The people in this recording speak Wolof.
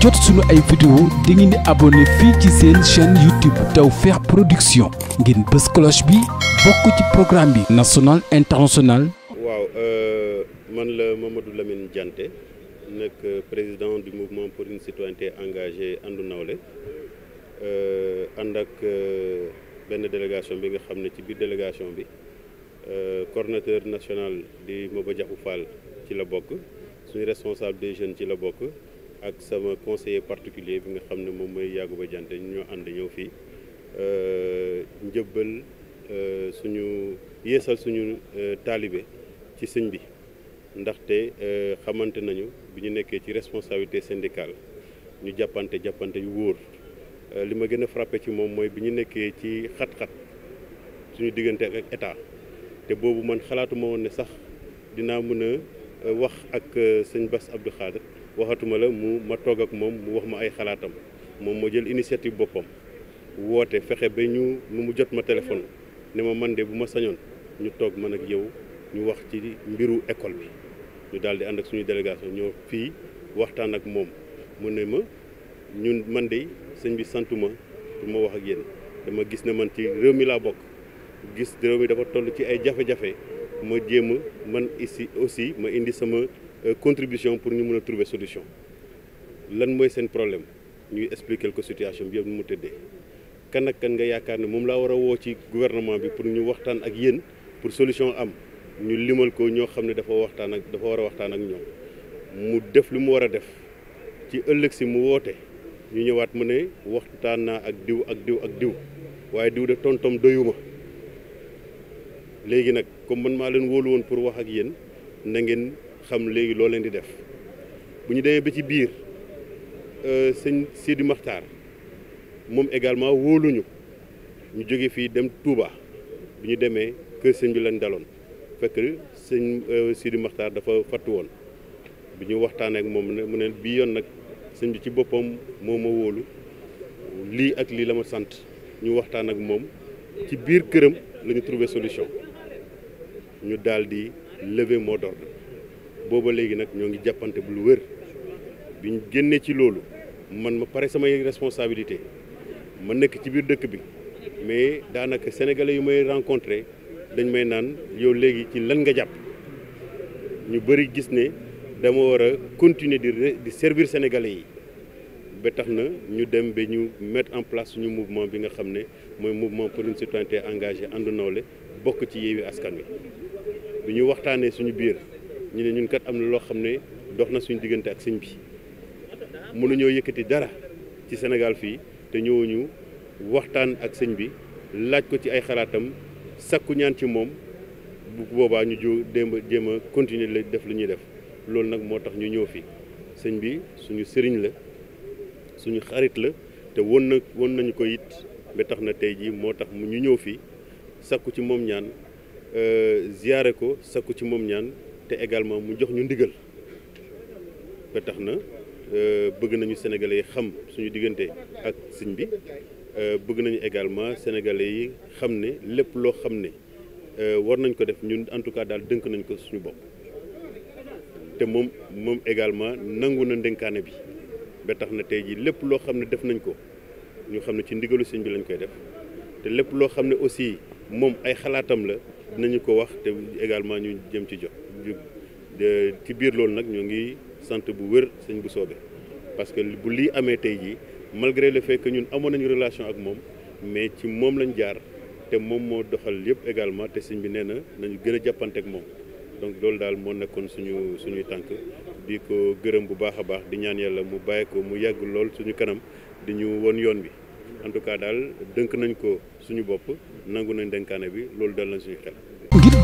jot suñu ay vidéo da ngeen di abonné fii ci seen chaîne YouTube Tawfekh Production ngeen bës cloche bi bokk ci programme bi national international waaw euh, man la Mamadou Lamine jante nekk président du mouvement pour une citoyenneté engagée Andu Nawlé euh, ànd ak euh, benn délégation bi nga xam ne ci biir délégation bi coordonnateur national di Maba Diakhou Fall ci la bokk suñu responsable des jeunes ci la bokk ak sama conseiller particulier bi nga xam ne moom mooy Yacouba Dianté ñoo ànd ñëw fii euh, njëbbal euh, suñu yeesal suñu euh, taalibe ci sëñ bi ndaxte xamante nañu bi ñu nekkee ci responsabilité syndicale ñu jàppante jàppante yu wóor li ma gën a frappe ci moom mooy bi ñu nekkee ci xat-xat suñu diggante ak état te boobu man xalaatuma woon ne sax dinaa mën a wax ak sëñ Bass Abdou Khadre waxatuma la mu ma toog ak moom mu wax ma ay xalaatam moom moo jël initiative boppam woote fexe ba ñu nu mu jot ma téléphone ne ma man de bu ma sañoon ñu toog man ak yow ñu wax ci mbiru école bi ñu daal di ànd ak suñu délégation ñoo fii waxtaan ak moom mu ne ma ñun man de sëñ bi santuma du ma wax ak yéen dama gis ne man ci réew mi laa bokk gis réew mi dafa toll ci ay jafe-jafe ma jéem man ici aussi ma indi sama Euh, contribution pour ñu mën a trouver solution lan mooy seen problème ñuy expliquer ko situation bi yëpp mu tëddee kan ak kan nga yaakaar ne moom laa war a woo ci gouvernement bi pour ñu waxtaan ak yéen pour solution am ñu limal ko ñoo xam ne dafa waxtaan ak dafa war a waxtaan ak ñoom mu def lu mu war a def ci ëllëg si mu woote ñu ñëwaat ma ne waxtaan naa ak diw ak diw ak diw waaye diw de tontom doyuma léegi nag comme man maa leen wóolu woon pour wax ak yéen ngeen. xam léegi loo leen di def bu ñu demee ba ci biir euh, sëñ Sidi Maxtaar moom également wóoluñu ñu jóge fii dem Touba bu ñu demee kër sëñ bi lañ daloon fekk sëñ euh, Sidi Maxtaar dafa fàttu woon bi ñu waxtaan ak moom mu ne bii yoon nag sëñ bi ci boppam moo ma wóolu lii ak lii la ma sant ñu waxtaan ak moom ci biir këram la ñu trouvé solution ñu daal di lever mot booba léegi nag ñoo ngi jàppante bu lu wér bi ñu génnee ci loolu man ma pare samay responsabilité ma nekk ci biir dëkk bi mais daanaka sénégalais yu may rencontré dañ may naan yow léegi ci lan nga jàpp ñu bëri gis ne dama war a continuer di di servir sénégalais yi ba tax na ñu dem ba ñu mettre en place suñu mouvement bi nga xam ne mooy mouvement pour une citoyenneté engagée ànd nawle bokk ci Yewwi Askan Wi bi ñu waxtaanee suñu biir. ñu ne ñun kat am na loo xam ne dox na suñu diggante ak sëñ bi mënuñoo yëkkati dara ci senegal fii te ñëwuñu waxtaan ak sëñ bi laaj ko ci ay xalaatam sakku ñaan ci moom bu boobaa ñu jóg démb jéem a continuer la def lu ñuy def loolu nag moo tax ñu ñëw fii sëñ bi suñu sëriñ la suñu xarit la te won na won nañu ko it ba tax na tey jii moo tax ñu ñëw fii sakku ci moom ñaan euh, ziyaare ko sakku ci moom ñaan. te également mu jox ñu ndigal ba tax na euh, bëgg nañu sénégalais yi xam suñu diggante ak sëñ bi euh, bëgg nañu également sénégalais yi xam ne lépp loo xam ne euh, war nañ ko def ñun en tout cas daal dënk nañ ko suñu bopp te moom moom également nangu na ndénkaane bi ba tax na tey jii lépp loo xam ne def nañ ko ñu xam ne ci ndigalu sëñ bi lañ koy def te lépp loo xam ne aussi moom ay xalaatam la dinañu ko wax te également ñu jëm ci jox ci biir loolu nag ñoo ngi sant bu wér sëñ bu soobe parce que bu lii amee tey jii malgré le fait que ñun amoon nañu relation ak moom mais ci moom lañ jaar te moom moo doxal yëpp également te sëñ bi nee na nañu gën a jàppante ak moom donc loolu daal moo nekkoon suñu suñuy tànk di ko gërëm bu baax a baax di ñaan yàlla mu bàyyi ko mu yàgg lool suñu kanam di ñu won yoon bi en tout cas daal dënk nañ ko suñu bopp nangu nañ dénkaane bi loolu dal nañ suñu xel